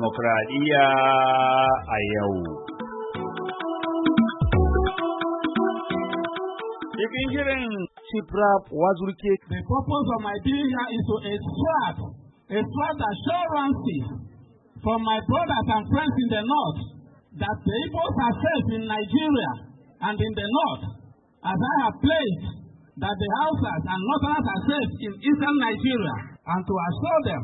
a yau. shirin Wazurke. The purpose of my being here is to extract, extract assurances from my brothers and friends in the north that the people are safe in Nigeria and in the north, as I have pledged that the Hausas and Northerners are safe in eastern Nigeria, and to assure them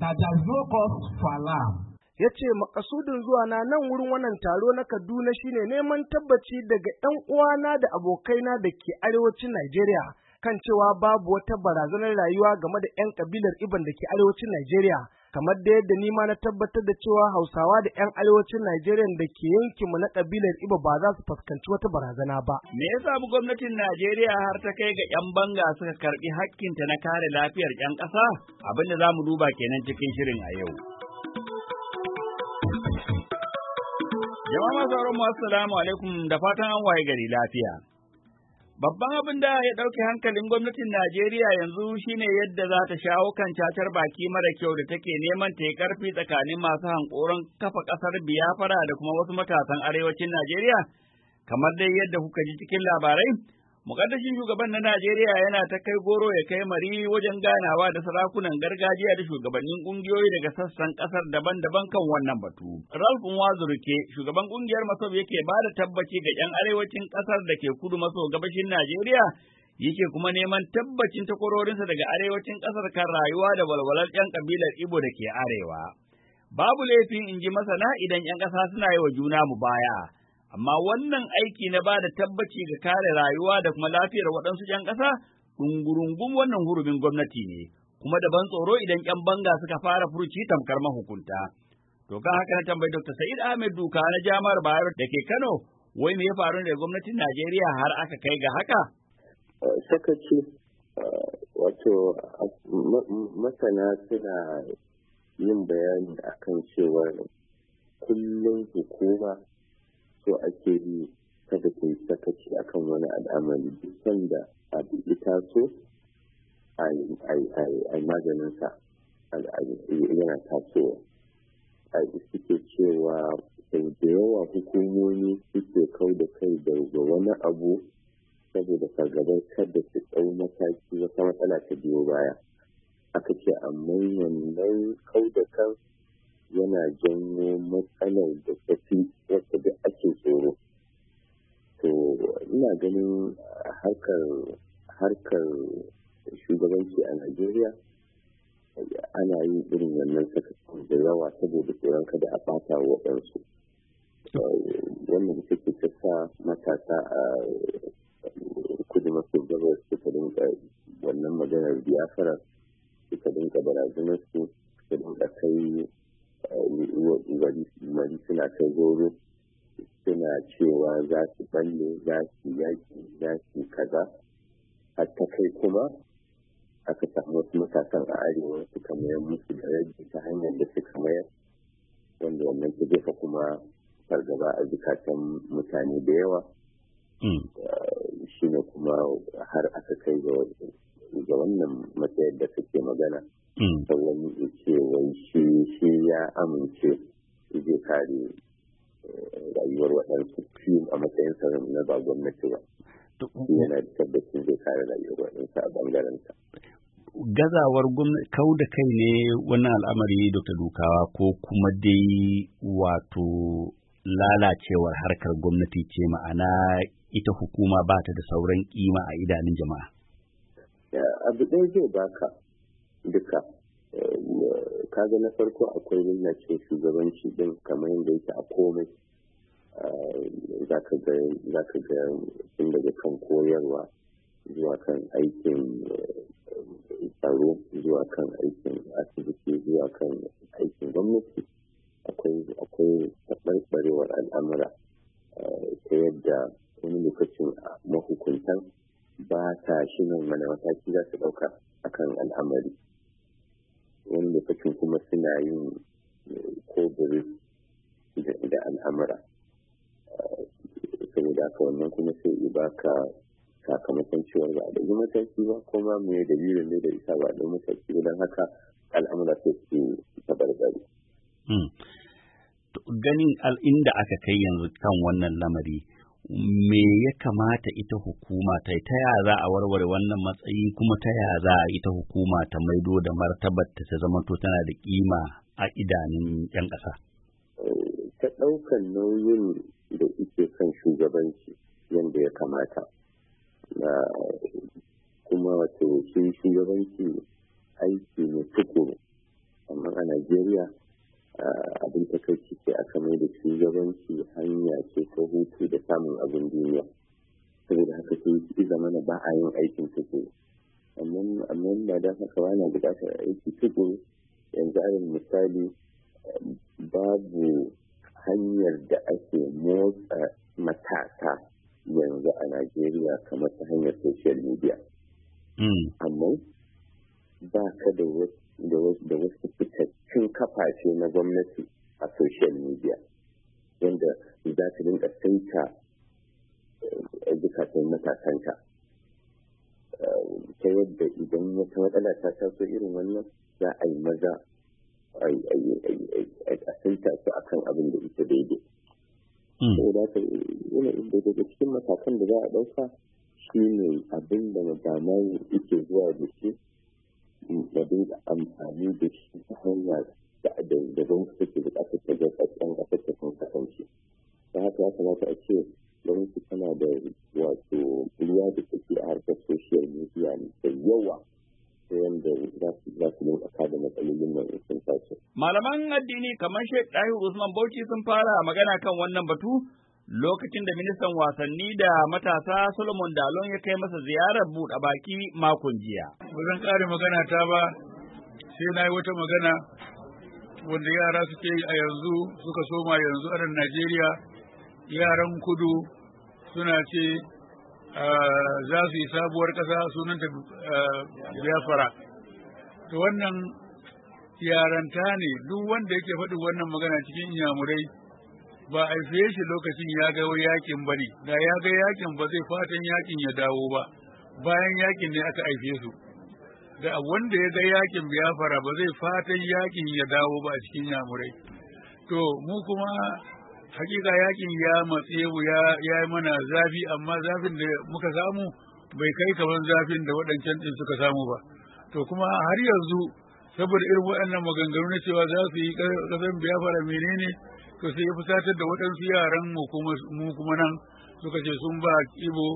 that there is no ya ce makasudin zuwa na nan wurin wannan taro na Kaduna shine neman tabbaci daga 'yan uwana da abokaina da ke arewacin Najeriya kan cewa babu wata barazanar rayuwa game da 'yan kabilar Iban da ke arewacin Najeriya kamar da yadda ni ma na tabbatar da cewa Hausawa da 'yan arewacin Najeriya da ke yankin mu na kabilar Ibo ba za su fuskanci wata barazana ba. Me yasa samu gwamnatin Najeriya har ta kai ga 'yan banga suka karɓi hakkinta na kare lafiyar 'yan ƙasa? Abin da za mu duba kenan cikin shirin a yau. Jama'a masu assalamu alaikum da fatan an waye gari lafiya. Babban abin da ya ɗauki hankalin gwamnatin Najeriya yanzu shine yadda za ta shawo kan cacar baki mara kyau da take neman ta yi ƙarfi tsakanin masu hankoron kafa ƙasar Biyafara da kuma wasu matasan arewacin Najeriya, kamar dai yadda kuka ji cikin labarai, Mukaddashin shugaban na Najeriya yana ta kai goro ya kai mari wajen ganawa da sarakunan gargajiya da shugabannin kungiyoyi daga sassan kasar daban-daban kan wannan batu. Ralph Nwazurike, shugaban kungiyar Masob yake ba da tabbaci ga 'yan arewacin kasar da ke kudu maso gabashin Najeriya yake kuma neman tabbacin takwarorinsa daga arewacin kasar kan rayuwa da walwalar 'yan kabilar Ibo da ke arewa. Babu laifin in ji masana idan 'yan ƙasa suna yi wa juna mu baya. Amma wannan aiki na ba da tabbaci ga kare rayuwa da kuma lafiyar waɗansu ‘yan ƙasa, ɗungurungun wannan hurumin gwamnati ne, kuma da ban tsoro idan ‘yan banga suka fara furuci tamkar mahukunta. To ga haka na tambayi Dr. Sa'id Ahmed Duka na Jami'ar Bayero da ke Kano, wai me ya faru da gwamnatin Najeriya har aka kai ga haka? Sakaci wato masana suna yin bayani akan cewa kullum hukuma so ake yi kada ta yi sakaci akan wani al'amari duk da abu ita taso a maganinsa yana tasowa a suke cewa da yawa hukumomi suke kau da kai daga wani abu saboda fargabar kada su ɗau mataki wata matsala ta biyo baya aka ce amma wannan kau da kansu yana janyo matsalar da kafi wata da ake tsoro to ina ganin harkar harkar shugabanci a najeriya ana yi irin wannan saka da yawa saboda tsoron kada a bata waɗansu wannan da suke ta matasa a kudu maso gabas suka dinga wannan maganar biyafara suka dinga barazanar su suka dinga kai wani suna ta zoro suna cewa za su balle za su yaki za su kaza a ta kai kuma aka samu wasu matasan a arewa suka mayar musu da rage ta hanyar da suka mayar wanda wannan ta jefa kuma fargaba a zukatan mutane da yawa hmm. eh, shi ne kuma har aka kai ga wannan matsayar da suke magana Mm. da wani ya wai shi shi ya amince zai kare eh, rayuwar waɗansu fiye a matsayin sarari na ba gwamnati ba yana da tabbacin zai kare rayuwar waɗansu a bangaren ta. gazawar gwamnati kau da kai ne wani al'amari dr dukawa ko kuma dai wato lalacewar harkar gwamnati ce ma'ana ita hukuma ba ta da sauran kima a idanun jama'a abu ɗaya zai baka duka eh, kaga na farko akwai lallacin shugabanci din kamar yadda yake a komai eh, za ka ga tun daga kan koyarwa zuwa kan aikin eh, tsaro zuwa kan aikin asibiti zuwa kan aikin gwamnati akwai taɓarɓarewar al'amura ta yadda wani lokacin mahukuntan ba ta shi nan mana mataki za su ɗauka akan al'amari lokacin kuma suna yin kobiri eh, da al'amura eh, saboda haka wannan kuma sai i baka sakamakon cewa ba a yi mataki ba kuma mai dalilin ne da isa ba a mataki don haka al'amura sai su tabarbare. Hmm. ganin inda aka kai yanzu kan wannan lamari me ya kamata ita hukuma ta ta ya za a warware wannan matsayi kuma ta ya za a ita hukuma ta maido da martabar ta ta zama to tana da kima a idanun yan ƙasa. ta ɗaukan nauyin da ike kan shugabanci yadda ya kamata na kuma wato shi shugabanci aiki ne tukuru amma a najeriya abin takaici sai aka mai da shugabanci hanya ce ko hutu da samun abin duniya saboda haka sai ki na ba a yin aikin tukuru amma ba da haka ba na bukatar aiki tukuru yanzu alal misali babu hanyar da ake motsa matasa yanzu a najeriya kamar ta hanyar social media hmm. kafafe na gwamnati a social media yadda za su rinka saita eh, zukatan matasanka eh, ta yadda idan wata matsala ta taso irin wannan za a yi maza a saita su akan abin da ita daidai hmm. saboda haka eh, daga cikin matakan da za a ɗauka shi ne abin da magamai ike zuwa da shi da dinga amfani da shi Malaman addini kamar Sheikh Dahir Usman Bauchi sun fara magana kan wannan batu lokacin da ministan wasanni da matasa Solomon Dalon ya kai masa ziyarar buɗe baki makon jiya. Ba zan ƙare magana ta ba sai na yi wata magana wanda yara suke yi a yanzu suka soma yanzu a nan Najeriya yaran kudu suna ce ah, za su yi sabuwar ƙasa sunanta ah, biyafara, To wannan yaranta ne duk wanda yake faɗi wannan magana cikin inyamurai ba a fiye shi lokacin ya ga yakin ba ne da ya ga yakin ba zai fatan yakin ya dawo ba bayan yakin ne aka aife su da wanda ya ga yakin biyafara ba zai fatan yakin ya dawo ba a cikin yamurai to mu kuma hakika yakin ya matse mu ya yi mana zafi amma zafin da muka samu bai kai kamar zafin da waɗancan ɗin suka samu ba to kuma har yanzu saboda irin waɗannan maganganu na cewa za su yi ƙasar biyafara menene to sai ya fusatar da waɗansu yaran mu kuma nan suka ce sun ba ibo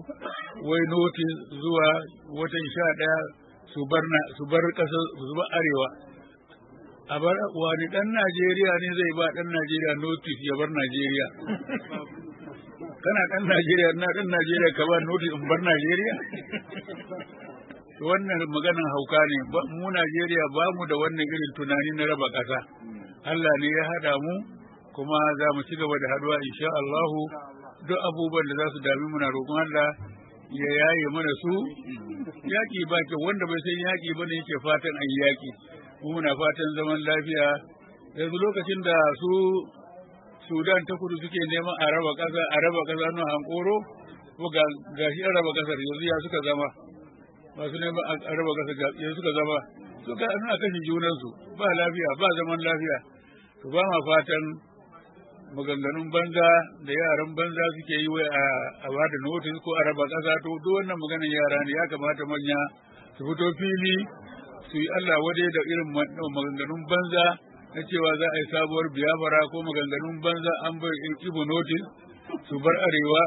wai noti zuwa watan sha ɗaya su bar ƙasa su bar arewa a bar wani ɗan najeriya ne zai ba ɗan najeriya notis ya bar najeriya kana ɗan najeriya na ɗan najeriya ka ba notis in bar najeriya wannan maganan hauka ne mu Najeriya ba mu da wannan irin tunani na raba ƙasa Allah ne ya haɗa mu kuma za mu ci gaba da haduwa insha Allahu duk abubuwan da za su dami muna roƙon Allah ya yaye mana su yaƙi ba ke wanda bai san yaƙi ba ne yake fatan an yaƙi mu muna fatan zaman lafiya yanzu lokacin da su Sudan ta kudu suke neman a raba ƙasa a raba ƙasa na hankoro ga shi an raba ƙasar yanzu ya suka zama masu neman a raba kasa yanzu suka zama suka suna kashin junansu ba lafiya ba zaman lafiya to ba ma fatan maganganun banza da yaran banza suke yi wai a bada notin ko a raba kasa to duk wannan maganin yara ne ya kamata manya su fito fili su yi Allah waje da irin maganganun banza na cewa za a yi sabuwar biyafara ko maganganun banza an bai ibu notice su bar arewa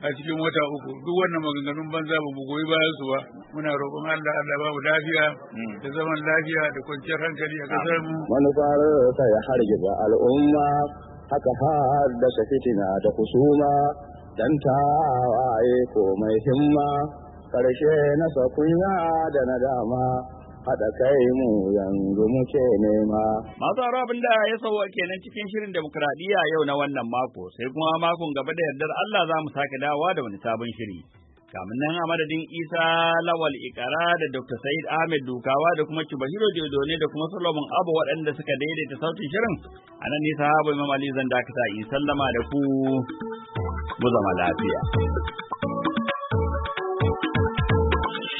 a cikin wata uku duk wannan maganganun banza ba mu goyi bayan su ba muna roƙon Allah Allah ba mu lafiya hmm. da zaman lafiya da kwanciyar hankali a ƙasar mu manufar ta ya hargiza al'umma haka haddasa fitina da kusuma dan ta waye mai himma ƙarshe na sakunya da na dama. haɗa kai mu yanzu muke nema. Masu abin da ya sauwa kenan cikin shirin demokuraɗiyya yau na wannan mako sai kuma makon gaba da yardar Allah za mu sake dawa da wani sabon shiri. Kamar nan a madadin Isa Lawal Ikara da Dr. Said Ahmed Dukawa da kuma Cibahiro Diodone da kuma Solomon Abu waɗanda suka daidaita sautin shirin a nan nisa Habu Imam Ali zan dakata in sallama da ku mu zama lafiya.